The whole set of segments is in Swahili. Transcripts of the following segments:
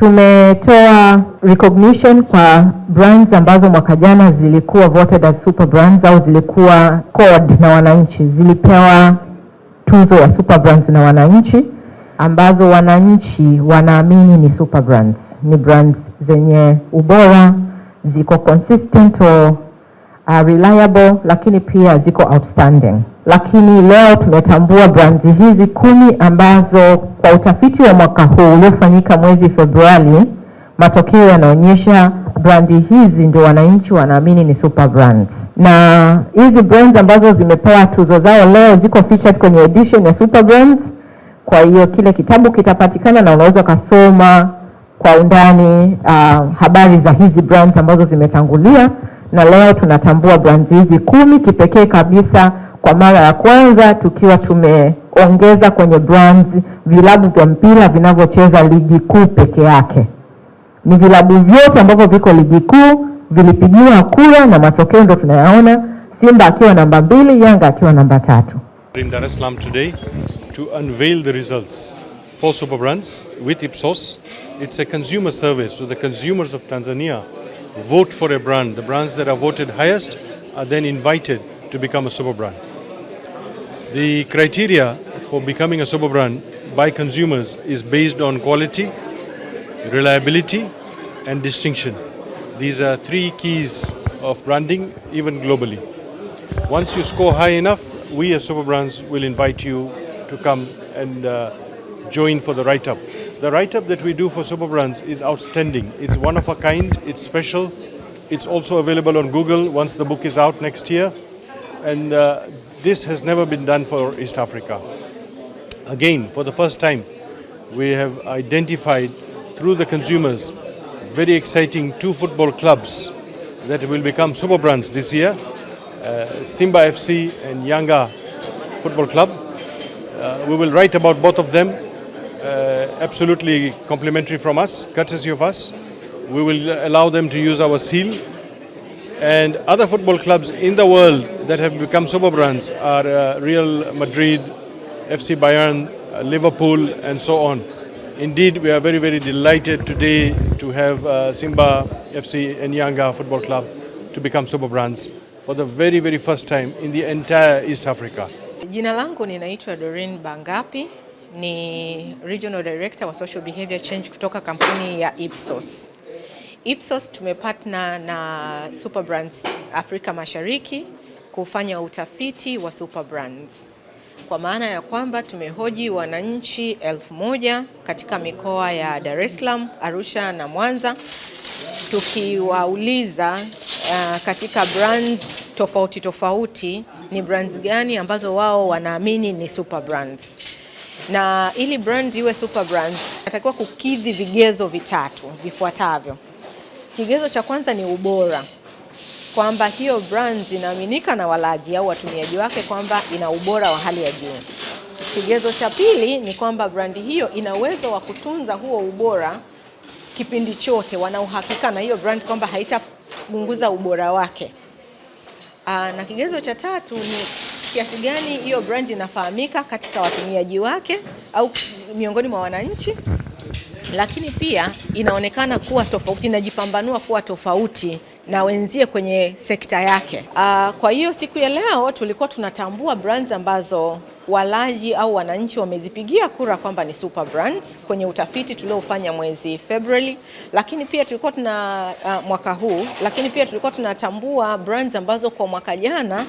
Tumetoa recognition kwa brands ambazo mwaka jana zilikuwa voted as super brands au zilikuwa cord na wananchi, zilipewa tuzo ya super brands na wananchi, ambazo wananchi wanaamini ni super brands, ni brands zenye ubora, ziko consistent or uh, reliable, lakini pia ziko outstanding lakini leo tumetambua brandi hizi kumi ambazo kwa utafiti wa mwaka huu uliofanyika mwezi Februari, matokeo yanaonyesha brandi hizi ndio wananchi wanaamini ni super brands, na hizi brands ambazo zimepewa tuzo zao leo ziko featured kwenye edition ya super brands. Kwa hiyo kile kitabu kitapatikana na unaweza ukasoma kwa undani uh, habari za hizi brands ambazo zimetangulia, na leo tunatambua brands hizi kumi kipekee kabisa kwa mara ya kwanza tukiwa tumeongeza kwenye brands vilabu vya mpira vinavyocheza ligi kuu peke yake. Ni vilabu vyote ambavyo viko ligi kuu vilipigiwa kura na matokeo ndio tunayaona, Simba akiwa namba mbili, Yanga akiwa namba tatu. In Dar es Salaam today to unveil the results for Super Brands with Ipsos. It's a consumer survey, so the consumers of Tanzania vote for a brand. The brands that are voted highest are then invited to become a super brand. The criteria for becoming a super brand by consumers is based on quality, reliability, and distinction. These are three keys of branding, even globally. Once you score high enough, we as super brands will invite you to come and uh, join for the write up. The write up that we do for super brands is outstanding. It's one of a kind, it's special, it's also available on Google once the book is out next year. And uh, this has never been done for East Africa. Again, for the first time, we have identified through the consumers very exciting two football clubs that will become super brands this year uh, Simba FC and Yanga Football Club. Uh, we will write about both of them, uh, absolutely complimentary from us, courtesy of us. We will allow them to use our seal And other football clubs in the world that have become super brands are uh, Real Madrid, FC Bayern, uh, Liverpool, and so on. Indeed, we are very, very delighted today to have uh, Simba FC and Yanga Football Club to become super brands for the very, very first time in the entire East Africa. Jina langu ninaitwa Doreen Bangapi, ni Regional Director wa Social Behavior Change kutoka kampuni ya Ipsos. Ipsos tumepartner na Superbrands Afrika Mashariki kufanya utafiti wa Superbrands kwa maana ya kwamba tumehoji wananchi elfu moja katika mikoa ya Dar es Salaam, Arusha na Mwanza tukiwauliza uh, katika brands tofauti tofauti ni brands gani ambazo wao wanaamini ni super brands. Na ili brand iwe super brands natakiwa kukidhi vigezo vitatu vifuatavyo. Kigezo cha kwanza ni ubora, kwamba hiyo brand inaaminika na walaji au watumiaji wake kwamba ina ubora wa hali ya juu. Kigezo cha pili ni kwamba brandi hiyo ina uwezo wa kutunza huo ubora kipindi chote, wana uhakika na hiyo brand kwamba haitapunguza ubora wake. Aa, na kigezo cha tatu ni kiasi gani hiyo brand inafahamika katika watumiaji wake au miongoni mwa wananchi lakini pia inaonekana kuwa tofauti, inajipambanua kuwa tofauti na wenzie kwenye sekta yake. Uh, kwa hiyo siku ya leo tulikuwa tunatambua brands ambazo walaji au wananchi wamezipigia kura kwamba ni super brands kwenye utafiti tuliofanya mwezi Februari, lakini pia tulikuwa tuna uh, mwaka huu, lakini pia tulikuwa tunatambua brands ambazo kwa mwaka jana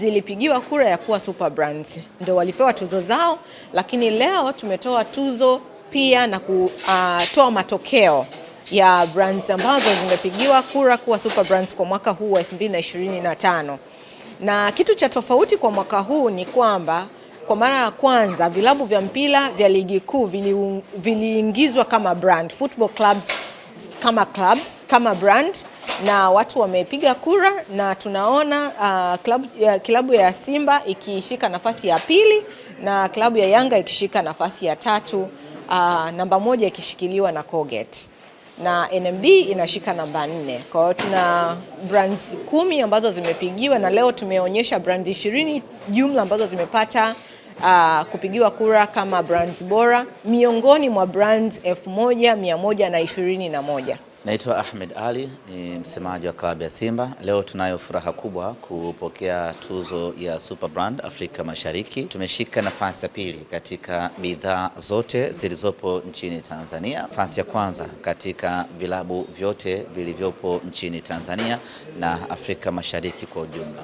zilipigiwa kura ya kuwa super brands, ndio walipewa tuzo zao, lakini leo tumetoa tuzo pia na kutoa ah, matokeo ya brands ambazo zimepigiwa kura kuwa super brands kwa mwaka huu wa 2025. Na kitu cha tofauti kwa mwaka huu ni kwamba kwa mara ya kwanza vilabu vya mpira vya ligi kuu viliingizwa kama brand, football clubs kama clubs kama brand na watu wamepiga kura na tunaona uh, ah, klabu, ya, klabu ya Simba ikishika nafasi ya pili na klabu ya Yanga ikishika nafasi ya tatu uh, namba moja ikishikiliwa na Colgate na NMB inashika namba nne. Kwa hiyo tuna brands kumi ambazo zimepigiwa na leo tumeonyesha brand ishirini jumla ambazo zimepata uh, kupigiwa kura kama brands bora miongoni mwa brands elfu moja mia moja na ishirini na moja. Naitwa Ahmed Ali, ni msemaji wa klabu ya Simba. Leo tunayo furaha kubwa kupokea tuzo ya Super Brand Afrika Mashariki. Tumeshika nafasi ya pili katika bidhaa zote zilizopo nchini Tanzania, nafasi ya kwanza katika vilabu vyote vilivyopo nchini Tanzania na Afrika Mashariki kwa ujumla.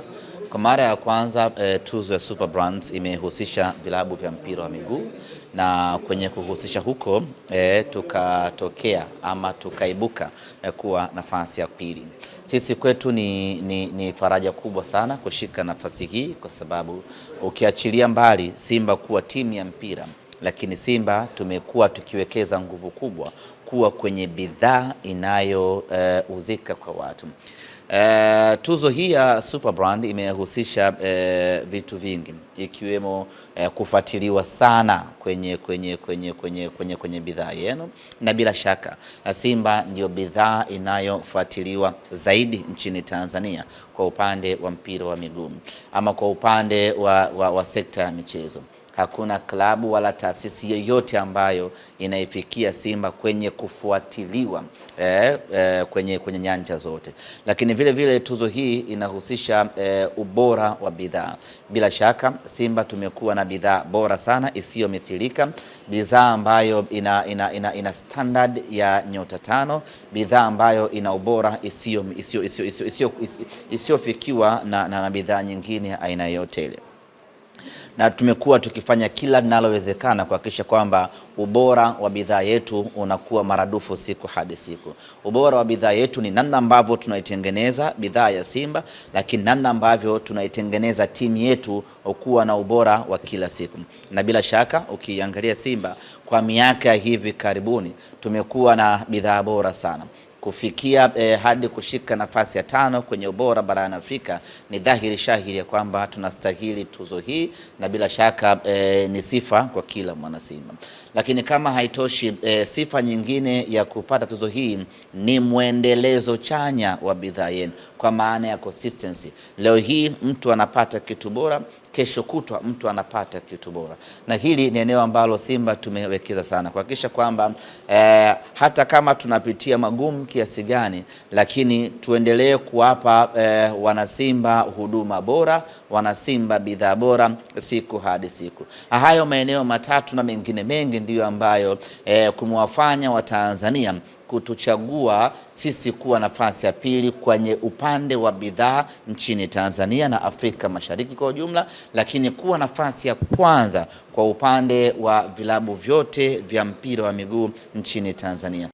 Kwa mara ya kwanza eh, tuzo ya Super Brands imehusisha vilabu vya mpira wa miguu na kwenye kuhusisha huko eh, tukatokea ama tukaibuka eh, kuwa nafasi ya pili. Sisi kwetu ni, ni, ni faraja kubwa sana kushika nafasi hii kwa sababu ukiachilia mbali Simba kuwa timu ya mpira lakini Simba tumekuwa tukiwekeza nguvu kubwa kuwa kwenye bidhaa inayouzika uh, kwa watu. Uh, tuzo hii ya Super Brand imehusisha uh, vitu vingi ikiwemo uh, kufuatiliwa sana kwenye, kwenye, kwenye, kwenye, kwenye, kwenye bidhaa yenu na bila shaka Simba ndiyo bidhaa inayofuatiliwa zaidi nchini Tanzania kwa upande wa mpira wa miguu ama kwa upande wa, wa, wa sekta ya michezo hakuna klabu wala taasisi yoyote ambayo inaifikia Simba kwenye kufuatiliwa eh, eh, kwenye, kwenye nyanja zote. Lakini vile vile tuzo hii inahusisha eh, ubora wa bidhaa. Bila shaka Simba tumekuwa na bidhaa bora sana isiyomithilika, bidhaa ambayo ina, ina, ina, ina standard ya nyota tano, bidhaa ambayo ina ubora isiyofikiwa na, na, na bidhaa nyingine ya aina yoyote ile na tumekuwa tukifanya kila linalowezekana kuhakikisha kwamba ubora wa bidhaa yetu unakuwa maradufu siku hadi siku. Ubora wa bidhaa yetu ni namna ambavyo tunaitengeneza bidhaa ya Simba, lakini namna ambavyo tunaitengeneza timu yetu kuwa na ubora wa kila siku. Na bila shaka ukiangalia Simba kwa miaka hivi karibuni tumekuwa na bidhaa bora sana kufikia eh, hadi kushika nafasi ya tano kwenye ubora barani Afrika, ni dhahiri shahiri ya kwamba tunastahili tuzo hii na bila shaka eh, ni sifa kwa kila mwanasimba. Lakini kama haitoshi eh, sifa nyingine ya kupata tuzo hii ni mwendelezo chanya wa bidhaa yenu, kwa maana ya consistency. Leo hii mtu anapata kitu bora kesho kutwa mtu anapata kitu bora, na hili ni eneo ambalo Simba tumewekeza sana kuhakikisha kwamba eh, hata kama tunapitia magumu kiasi gani, lakini tuendelee kuwapa eh, wanasimba huduma bora, wanasimba bidhaa bora siku hadi siku. Hayo maeneo matatu na mengine mengi ndiyo ambayo eh, kumewafanya Watanzania kutuchagua sisi kuwa nafasi ya pili kwenye upande wa bidhaa nchini Tanzania na Afrika Mashariki kwa ujumla, lakini kuwa nafasi ya kwanza kwa upande wa vilabu vyote vya mpira wa miguu nchini Tanzania.